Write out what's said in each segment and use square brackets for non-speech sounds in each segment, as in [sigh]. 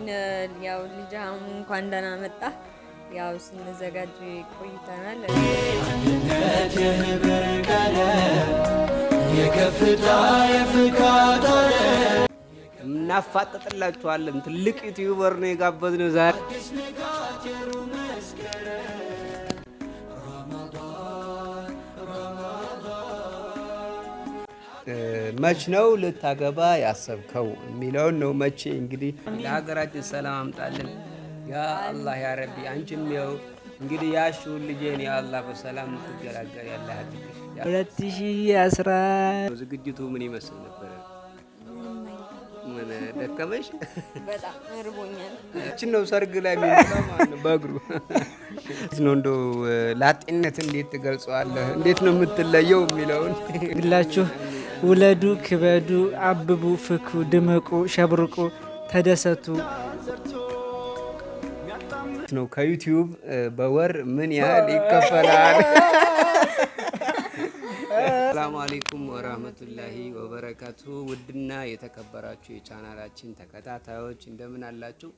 ቤታችን ያው ልጅ አሁን እንኳን ደህና መጣ። ያው ስንዘጋጅ ቆይተናል። አንድነት የህብር ቀለም፣ የከፍታ የፍካት እናፋጠጥላችኋለን። ትልቅ ዩቲዩበር ነው የጋበዝነው ዛሬ መች ነው ልታገባ ያሰብከው የሚለውን ነው። መቼ እንግዲህ ለሀገራችን ሰላም አምጣልን ያ አላህ ያ ረቢ። አንቺም ያው እንግዲህ ያሽውን ልጄን ያ አላህ በሰላም ትገላገል ያለ ሁለት ሺ አስራ ዝግጅቱ ምን ይመስል ነበረ? ምን ደከመሽ? በጣም እርቦኛል። እችን ነው ሰርግ ላይ በእግሩ ነው እንዶ ላጤነት እንዴት ትገልጸዋለህ? እንዴት ነው የምትለየው የሚለውን ግላችሁ ውለዱ፣ ክበዱ፣ አብቡ፣ ፍኩ፣ ድምቁ፣ ሸብርቁ፣ ተደሰቱ ነው። ከዩቲዩብ በወር ምን ያህል ይከፈላል? ሰላሙ አሌይኩም ወራህመቱላሂ ወበረካቱ። ውድና የተከበራችሁ የቻናላችን ተከታታዮች እንደምን አላችሁ?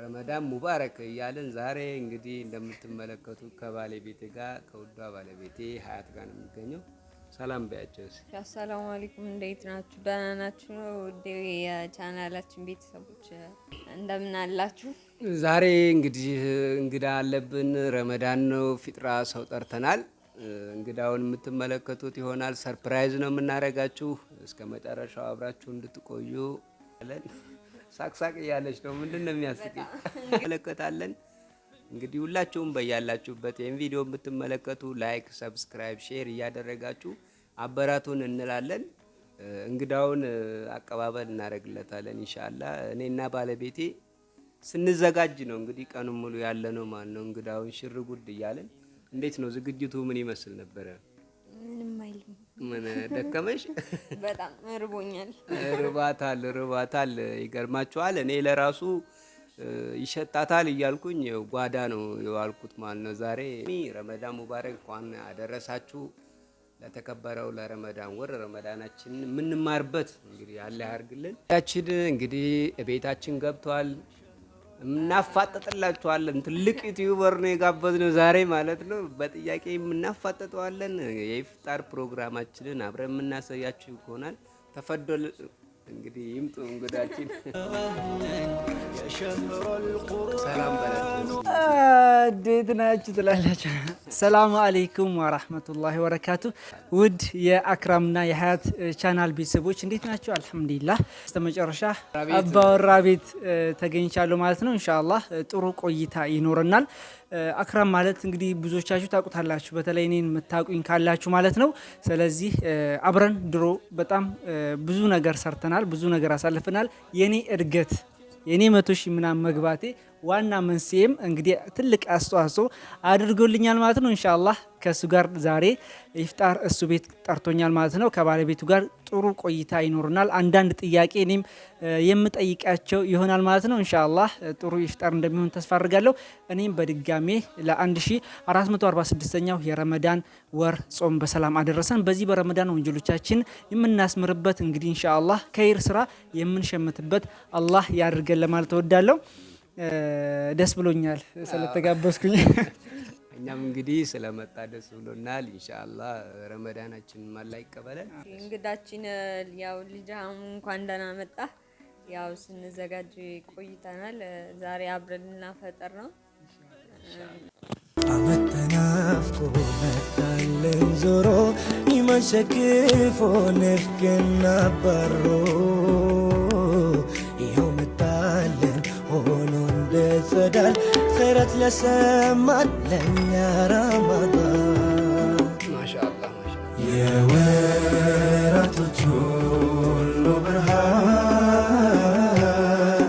ረመዳን ሙባረክ እያለን ዛሬ እንግዲህ እንደምትመለከቱ ከባለቤቴ ጋር ከውዷ ባለቤቴ ሀያት ጋር ነው የሚገኘው ሰላም በያቸው። አሰላሙ አለይኩም እንዴት ናችሁ? ደህና ናችሁ ነው? የቻናላችን ቤተሰቦች እንደምን አላችሁ? ዛሬ እንግዲህ እንግዳ አለብን። ረመዳን ነው፣ ፊጥራ ሰው ጠርተናል። እንግዳውን የምትመለከቱት ይሆናል። ሰርፕራይዝ ነው የምናደርጋችሁ። እስከ መጨረሻው አብራችሁ እንድትቆዩ ለን ሳቅሳቅ እያለች ነው። ምንድን ነው የሚያስቅ መለከታለን እንግዲህ ሁላችሁም በያላችሁበት ይህን ቪዲዮ የምትመለከቱ ላይክ፣ ሰብስክራይብ፣ ሼር እያደረጋችሁ አበራቱን እንላለን። እንግዳውን አቀባበል እናደርግለታለን እንሻላ እኔና ባለቤቴ ስንዘጋጅ ነው እንግዲህ ቀኑ ሙሉ ያለ ነው ማለት ነው። እንግዳውን ሽር ጉድ እያለን እንዴት ነው ዝግጅቱ? ምን ይመስል ነበረ? ምንም አይልም። ምን ደከመሽ? በጣም ርቦኛል። ርባታል ርባታል። ይገርማችኋል እኔ ለራሱ ይሸጣታል እያልኩኝ ጓዳ ነው የዋልኩት ማለት ነው። ዛሬ ረመዳን ሙባረክ እንኳን አደረሳችሁ። ለተከበረው ለረመዳን ወር ረመዳናችን የምንማርበት እንግዲህ አለ ያርግልን። ያችን እንግዲህ ቤታችን ገብቷል። እናፋጠጥላችኋለን። ትልቅ ዩቲዩበር ነው የጋበዝነው ዛሬ ማለት ነው። በጥያቄ የምናፋጠጠዋለን። የኢፍጣር ፕሮግራማችንን አብረን የምናሳያችሁ ይሆናል። ተፈዶል እንግዲህ ይምጡ እንግዳችን። እንዴት ናችሁ ትላላችሁ? ሰላሙ አሌይኩም ወራህመቱላሂ ወበረካቱ። ውድ የአክራምና የሀያት ቻናል ቤተሰቦች እንዴት ናቸው? አልሐምዱሊላህ። በስተመጨረሻ አባወራ ቤት ተገኝቻለሁ ማለት ነው። እንሻላ ጥሩ ቆይታ ይኖረናል። አክራም ማለት እንግዲህ ብዙዎቻችሁ ታውቁታላችሁ፣ በተለይ እኔን የምታውቁኝ ካላችሁ ማለት ነው። ስለዚህ አብረን ድሮ በጣም ብዙ ነገር ሰርተናል። አሳልፈናል፣ ብዙ ነገር አሳልፈናል። የኔ እድገት የኔ መቶ ሺህ ምናምን መግባቴ ዋና መንስኤም እንግዲህ ትልቅ አስተዋጽኦ አድርጎልኛል ማለት ነው። ኢንሻአላህ ከእሱ ጋር ዛሬ ይፍጣር እሱ ቤት ጠርቶኛል ማለት ነው። ከባለቤቱ ጋር ጥሩ ቆይታ ይኖርናል። አንዳንድ ጥያቄ እኔም የምጠይቃቸው ይሆናል ማለት ነው። ኢንሻአላህ ጥሩ ይፍጣር እንደሚሆን ተስፋ አድርጋለሁ። እኔም በድጋሜ ለ1446ኛው የረመዳን ወር ጾም በሰላም አደረሰን። በዚህ በረመዳን ወንጀሎቻችን የምናስምርበት እንግዲህ ኢንሻአላህ ከይር ስራ የምንሸምትበት አላህ ያድርገን ለማለት እወዳለሁ። ደስ ብሎኛል ስለተጋበዝኩኝ። [laughs] እኛም እንግዲህ ስለመጣ ደስ ብሎናል። እንሻላ ረመዳናችን ማላ ይቀበለን። እንግዳችን ያው ልጅ እንኳን ደህና መጣ። ያው ስንዘጋጅ ቆይተናል። ዛሬ አብረን ልናፈጠር ነው። አመት ተናፍቆ መጣልን ዞሮ ይመሸክፎ ንፍቅና ባሮ ምህረት ለሰማን ለእኛ ረመዳን የወራቶች ሁሉ ብርሃን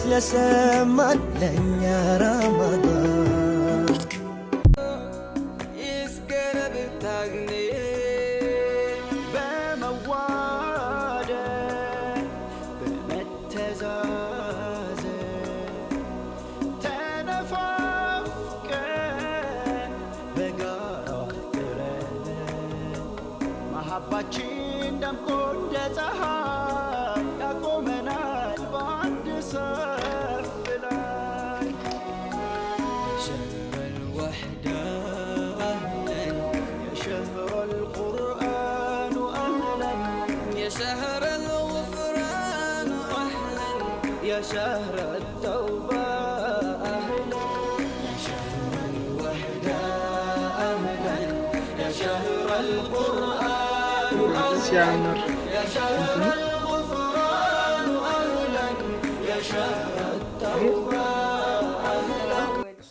ስብከት ለሰማን ለእኛ ራማዳን شهر التوبة أهلا يا شهر الوحدة أهلا يا شهر القرآن أهلا يا شهر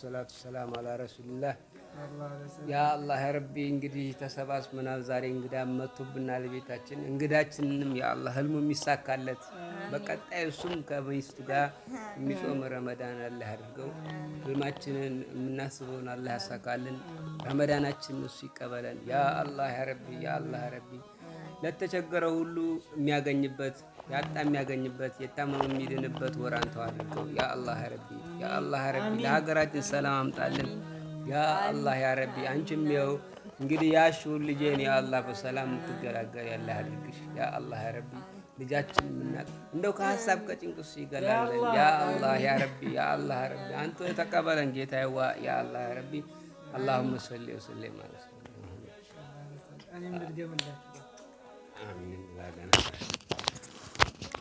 ሰላቱ ሰላም አላ ረሱልላህ። ያ አላህ ረቢ እንግዲህ ተሰባስበናል ዛሬ እንግዳ መቶብናል ቤታችን። እንግዳችንንም የአላህ ህልሙ የሚሳካለት በቀጣይ እሱም ከሚስቱ ጋር የሚጾም ረመዳን አላህ አድርገው። ህልማችንን የምናስበውን አላህ ያሳካልን። ረመዳናችን እሱ ይቀበለን። ያ አላህ ረቢ፣ ያ አላህ ረቢ ለተቸገረ ሁሉ የሚያገኝበት ያጣ የሚያገኝበት የታመሙ የሚድንበት ወር አንተው አድርገው። ያ አላህ ረቢ፣ ያ አላህ ረቢ፣ ለሀገራችን ሰላም አምጣልን። ያ አላህ ያ ረቢ፣ አንቺም ያው እንግዲህ ያሹን ልጄን ያ አላህ በሰላም የምትገላገል ያለ አድርግሽ። ያ አላህ ረቢ፣ ልጃችን ምናቅ እንደው ከሀሳብ ከጭንቅሱ ይገላለን። ያ አላህ ያ ረቢ፣ ያ አላህ ረቢ፣ አንተ የተቀበለን ጌታ ይዋ ያ አላህ ረቢ። አላሁመ ሰሌ ወሰሌ ማለት ነው።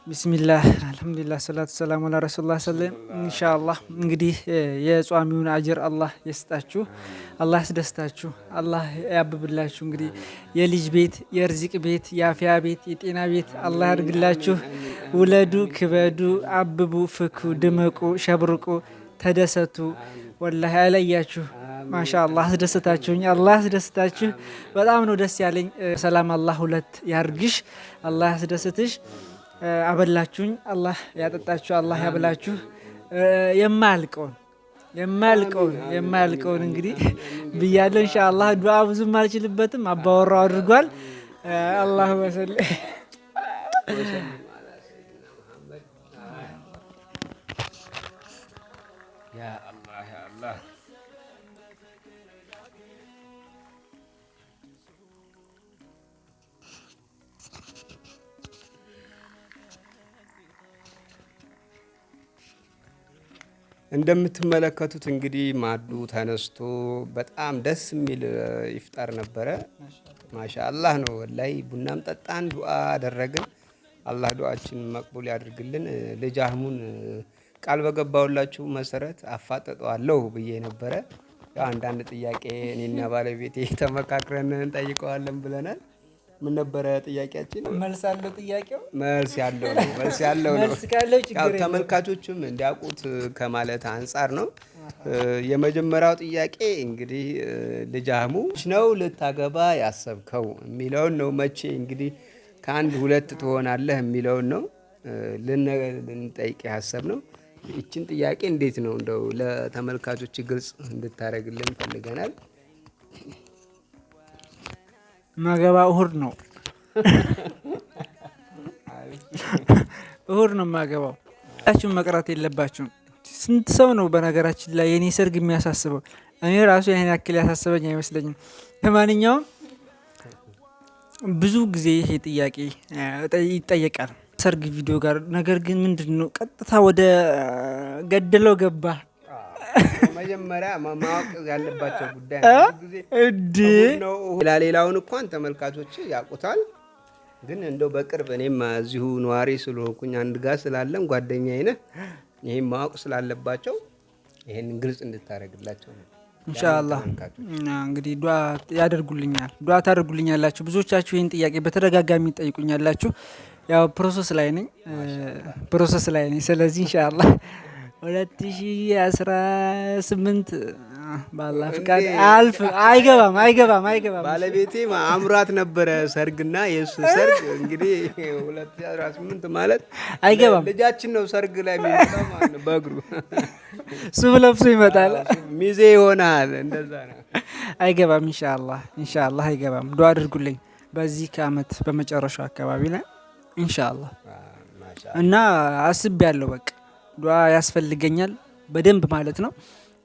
ቢስሚላህ አልሐምዱሊላህ ሰላት ሰላም አላ ረሱሉላ ሰለም። ኢንሻአላህ እንግዲህ የጿሚውን አጅር አላህ የስጣችሁ፣ አላህ ያስደስታችሁ፣ አላህ ያብብላችሁ። እንግዲህ የልጅ ቤት፣ የእርዚቅ ቤት፣ የአፍያ ቤት፣ የጤና ቤት አላህ ያድርግላችሁ። ውለዱ፣ ክበዱ፣ አብቡ፣ ፍኩ፣ ድመቁ፣ ሸብርቁ፣ ተደሰቱ። ወላሂ አይለያችሁ። ማሻ አላህ አስደስታችሁኝ፣ አላህ አስደስታችሁ። በጣም ነው ደስ ያለኝ። ሰላም አላህ ሁለት ያርግሽ፣ አላህ ያስደስትሽ። አበላችሁኝ። አላህ ያጠጣችሁ፣ አላህ ያብላችሁ። የማያልቀውን የማያልቀውን የማያልቀውን እንግዲህ ብያለሁ። እንሻአላህ ዱዓ ብዙም አልችልበትም፣ አባወራው አድርጓል። አላሁ መሰለ እንደምትመለከቱት እንግዲህ ማዱ ተነስቶ በጣም ደስ የሚል ይፍጠር ነበረ። ማሻአላህ ነው ላይ ቡናም ጠጣን፣ ዱዓ አደረግን። አላህ ዱዓችን መቅቡል ያድርግልን። ልጅ አህሙን ቃል በገባውላችሁ መሰረት አፋጠጠዋለሁ ብዬ ነበረ። አንዳንድ ጥያቄ እኔና ባለቤቴ ተመካክረን እንጠይቀዋለን ብለናል። ምን ነበረ ጥያቄያችን? መልስ አለው ጥያቄው? መልስ ያለው ነው። መልስ ያለው ነው። ተመልካቾችም እንዲያውቁት ከማለት አንጻር ነው። የመጀመሪያው ጥያቄ እንግዲህ ልጅ አህሙ ነው ልታገባ ያሰብከው የሚለውን ነው። መቼ እንግዲህ ከአንድ ሁለት ትሆናለህ የሚለውን ነው ልንጠይቅ ያሰብ ነው። ይችን ጥያቄ እንዴት ነው እንደው ለተመልካቾች ግልጽ እንድታደርግልን ፈልገናል። ማገባ እሁድ ነው እሁድ ነው ማገባው። ጣችሁን መቅራት የለባችሁም። ስንት ሰው ነው በነገራችን ላይ የኔ ሰርግ የሚያሳስበው? እኔ ራሱ ይህን ያክል ያሳስበኝ አይመስለኝም። ለማንኛውም ብዙ ጊዜ ይሄ ጥያቄ ይጠየቃል ሰርግ ቪዲዮ ጋር። ነገር ግን ምንድን ነው ቀጥታ ወደ ገደለው ገባ መጀመሪያ ማወቅ ያለባቸው ጉዳይ ነው። ሌላውን እንኳን ተመልካቾች ያውቁታል፣ ግን እንደው በቅርብ እኔም እዚሁ ነዋሪ ስለሆንኩኝ አንድ ጋር ስላለን ጓደኛ አይነ ይህም ማወቅ ስላለባቸው ይሄን ግልጽ እንድታደርግላቸው ነው። ኢንሻአላህ እንግዲህ ዱዓ ያደርጉልኛል፣ ዱዓ ታደርጉልኛላችሁ። ብዙዎቻችሁ ይህን ጥያቄ በተደጋጋሚ ጠይቁኛላችሁ። ያው ፕሮሰስ ላይ ነኝ፣ ፕሮሰስ ላይ ነኝ። ስለዚህ ኢንሻአላህ ሁለት ሺህ አስራ ስምንት ባላ ፍቃድ አልፍ አይገባም አይገባም አይገባም። ባለቤቴ አምራት ነበረ ሰርግና የእሱ ሰርግ እንግዲህ ሁለት ሺህ አስራ ስምንት ማለት አይገባም። ልጃችን ነው ሰርግ ላይ የሚመጣው ማለት በእግሩ ሱፍ ለብሶ ይመጣል። ሚዜ ይሆናል። እንደዛ ነው። አይገባም። ኢንሻአላህ ኢንሻአላህ አይገባም። ዱአ አድርጉልኝ በዚህ ከአመት በመጨረሻው አካባቢ ላይ ኢንሻአላህ እና አስቤያለሁ በቃ ዱዓ ያስፈልገኛል በደንብ ማለት ነው።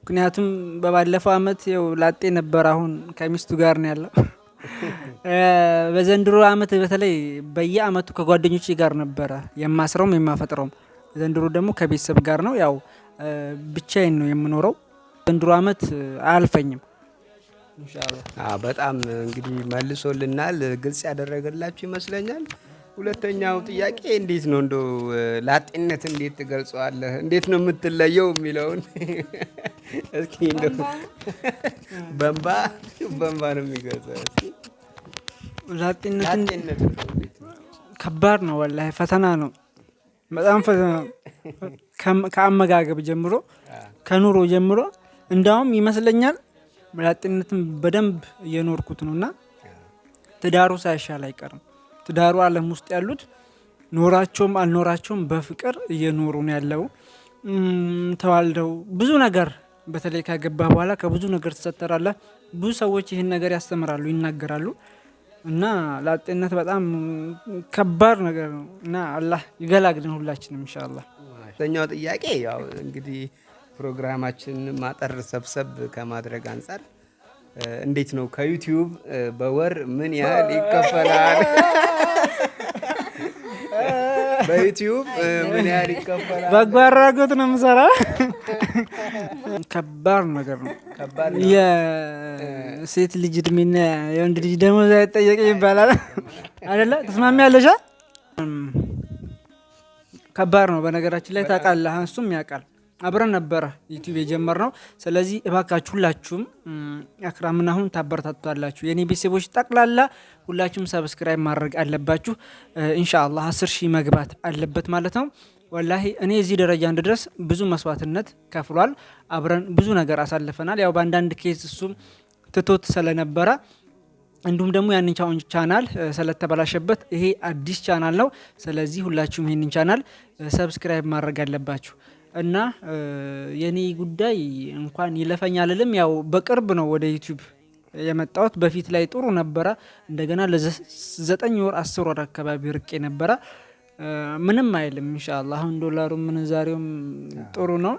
ምክንያቱም በባለፈው አመት ው ላጤ ነበር፣ አሁን ከሚስቱ ጋር ነው ያለው። [laughs] በዘንድሮ አመት በተለይ በየአመቱ ከጓደኞች ጋር ነበረ የማስረውም የማፈጥረውም። ዘንድሮ ደግሞ ከቤተሰብ ጋር ነው ያው ብቻዬን ነው የምኖረው። ዘንድሮ አመት አያልፈኝም። በጣም እንግዲህ መልሶልናል፣ ግልጽ ያደረገላችሁ ይመስለኛል። ሁለተኛው ጥያቄ እንዴት ነው እንደ ላጤነት እንዴት ትገልጸዋለህ? እንዴት ነው የምትለየው የሚለውን [laughs] እስኪ እንደ በንባ በንባ ነው የሚገልጸው። ላጤነት ከባድ ነው፣ ወላሂ ፈተና ነው፣ በጣም ፈተና ነው። ከአመጋገብ ጀምሮ ከኑሮ ጀምሮ እንዳውም ይመስለኛል ላጤነትን በደንብ እየኖርኩት ነው እና ትዳሩ ሳይሻል አይቀርም። ትዳሩ አለም ውስጥ ያሉት ኖራቸውም አልኖራቸውም በፍቅር እየኖሩ ነው ያለው። ተዋልደው ብዙ ነገር በተለይ ካገባ በኋላ ከብዙ ነገር ትሰተራለ። ብዙ ሰዎች ይህን ነገር ያስተምራሉ፣ ይናገራሉ እና ለአጤነት በጣም ከባድ ነገር ነው እና አላህ ይገላግልን ሁላችንም ኢንሻአላህ። ሁለተኛው ጥያቄ ያው እንግዲህ ፕሮግራማችን ማጠር ሰብሰብ ከማድረግ አንጻር እንዴት ነው ከዩቲዩብ በወር ምን ያህል ይከፈላል? [laughs] በዩቲዩብ ምን ያህል ይከፈላል? በጎ አድራጎት ነው የምሰራ። ከባድ ነገር ነው። የሴት ልጅ እድሜና የወንድ ልጅ ደሞዝ አይጠየቅም ይባላል አይደለ? ተስማሚያለሽ? ከባድ ነው። በነገራችን ላይ ታውቃለህ፣ እሱም ያውቃል አብረን ነበረ ዩቲዩብ የጀመርነው። ስለዚህ እባካችሁ ሁላችሁም አክራምን አሁን ታበረታቷላችሁ የእኔ ቤተሰቦች ጠቅላላ ሁላችሁም ሰብስክራይብ ማድረግ አለባችሁ። ኢንሻአላህ አስር ሺህ መግባት አለበት ማለት ነው። ወላሂ እኔ እዚህ ደረጃ እንድድረስ ብዙ መስዋዕትነት ከፍሏል። አብረን ብዙ ነገር አሳልፈናል። ያው በአንዳንድ ኬዝ እሱም ትቶት ስለነበረ እንዲሁም ደግሞ ያንን ቻናል ስለተበላሸበት ይሄ አዲስ ቻናል ነው። ስለዚህ ሁላችሁም ይህንን ቻናል ሰብስክራይብ ማድረግ አለባችሁ። እና የኔ ጉዳይ እንኳን ይለፈኝ አልልም። ያው በቅርብ ነው ወደ ዩቲዩብ የመጣሁት። በፊት ላይ ጥሩ ነበረ። እንደገና ለዘጠኝ ወር አስር ወር አካባቢ ርቄ ነበረ። ምንም አይልም እንሻላ። አሁን ዶላሩም ምንዛሬውም ጥሩ ነው።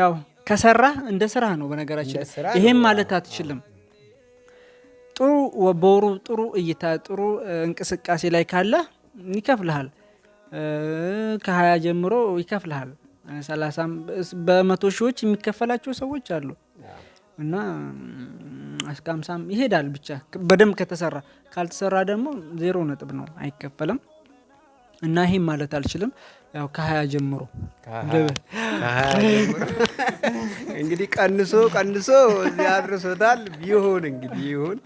ያው ከሰራ እንደ ስራ ነው። በነገራችን ይሄም ማለት አትችልም። ጥሩ በወሩ ጥሩ እይታ፣ ጥሩ እንቅስቃሴ ላይ ካለ ይከፍልሃል። ከሀያ ጀምሮ ይከፍልሃል። ሰላሳም በመቶ ሺዎች የሚከፈላቸው ሰዎች አሉ እና እስከ አምሳም ይሄዳል። ብቻ በደንብ ከተሰራ፣ ካልተሰራ ደግሞ ዜሮ ነጥብ ነው፣ አይከፈልም። እና ይሄም ማለት አልችልም። ያው ከሀያ ጀምሮ [laughs] እንግዲህ ቀንሶ ቀንሶ እዚህ አድርሶታል። ቢሆን እንግዲህ ይሁን።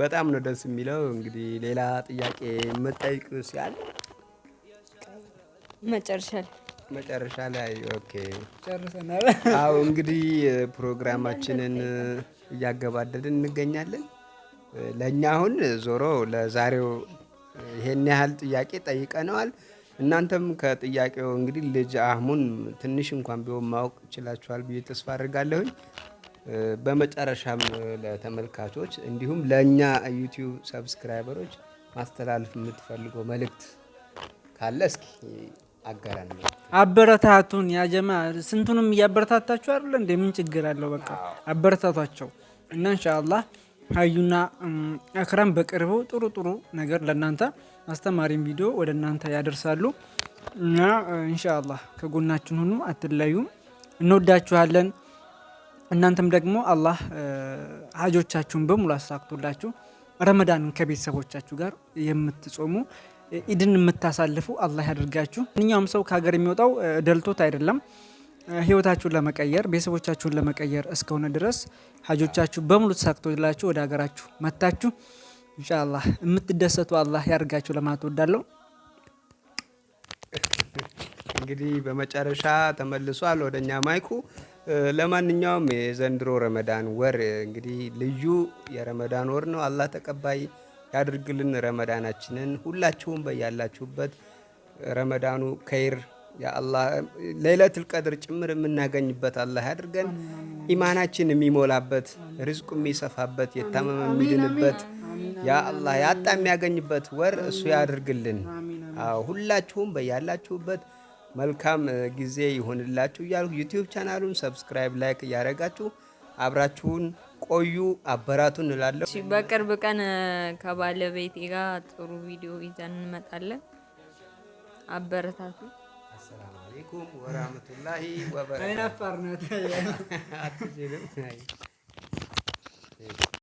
በጣም ነው ደስ የሚለው። እንግዲህ ሌላ ጥያቄ መጠይቅ ሲያል መጨረሻል መጨረሻ ላይ ኦኬ ጨርሰናል። [laughs] አዎ እንግዲህ ፕሮግራማችንን እያገባደድን እንገኛለን። ለእኛ አሁን ዞሮ ለዛሬው ይሄን ያህል ጥያቄ ጠይቀነዋል። እናንተም ከጥያቄው እንግዲህ ልጅ አህሙን ትንሽ እንኳን ቢሆን ማወቅ ይችላችኋል ብዬ ተስፋ አድርጋለሁኝ። በመጨረሻም ለተመልካቾች እንዲሁም ለእኛ ዩቲዩብ ሰብስክራይበሮች ማስተላለፍ የምትፈልገው መልእክት ካለ እስኪ አበረታቱን። ያ ጀማ ስንቱንም እያበረታታችሁ አይደለ እንደ ምን ችግር አለው? በቃ አበረታቷቸው እና እንሻአላህ ሀዩና አክራም በቅርቡ ጥሩ ጥሩ ነገር ለእናንተ አስተማሪም ቪዲዮ ወደ እናንተ ያደርሳሉ እና እንሻአላህ ከጎናችን ሁኑ፣ አትለዩም። እንወዳችኋለን። እናንተም ደግሞ አላህ ሀጆቻችሁን በሙሉ አሳክቶላችሁ ረመዳን ከቤተሰቦቻችሁ ጋር የምትጾሙ ኢድን የምታሳልፉ አላህ ያደርጋችሁ። ማንኛውም ሰው ከሀገር የሚወጣው ደልቶት አይደለም። ህይወታችሁን ለመቀየር ቤተሰቦቻችሁን ለመቀየር እስከሆነ ድረስ ሀጆቻችሁ በሙሉ ተሳክቶላችሁ ወደ ሀገራችሁ መታችሁ ኢንሻአላህ የምትደሰቱ አላህ ያደርጋችሁ ለማለት ወዳለው። እንግዲህ በመጨረሻ ተመልሷል ወደኛ ማይኩ። ለማንኛውም የዘንድሮ ረመዳን ወር እንግዲህ ልዩ የረመዳን ወር ነው። አላህ ተቀባይ ያድርግልን ረመዳናችንን። ሁላችሁም በያላችሁበት ረመዳኑ ከይር ለይለቱል ቀድር ጭምር የምናገኝበት አላህ ያድርገን። ኢማናችን የሚሞላበት ርዝቁ የሚሰፋበት የታመመ የሚድንበት ያአላ ያጣ የሚያገኝበት ወር እሱ ያድርግልን። ሁላችሁም በያላችሁበት መልካም ጊዜ ይሆንላችሁ እያልኩ ዩቲዩብ ቻናሉን ሰብስክራይብ፣ ላይክ እያደረጋችሁ አብራችሁን ቆዩ አበራቱ እንላለሁ። በቅርብ ቀን ከባለቤቴ ጋር ጥሩ ቪዲዮ ይዘን እንመጣለን። አበረታቱ። አሰላሙ አለይኩም ወራህመቱላሂ ወበረካቱ።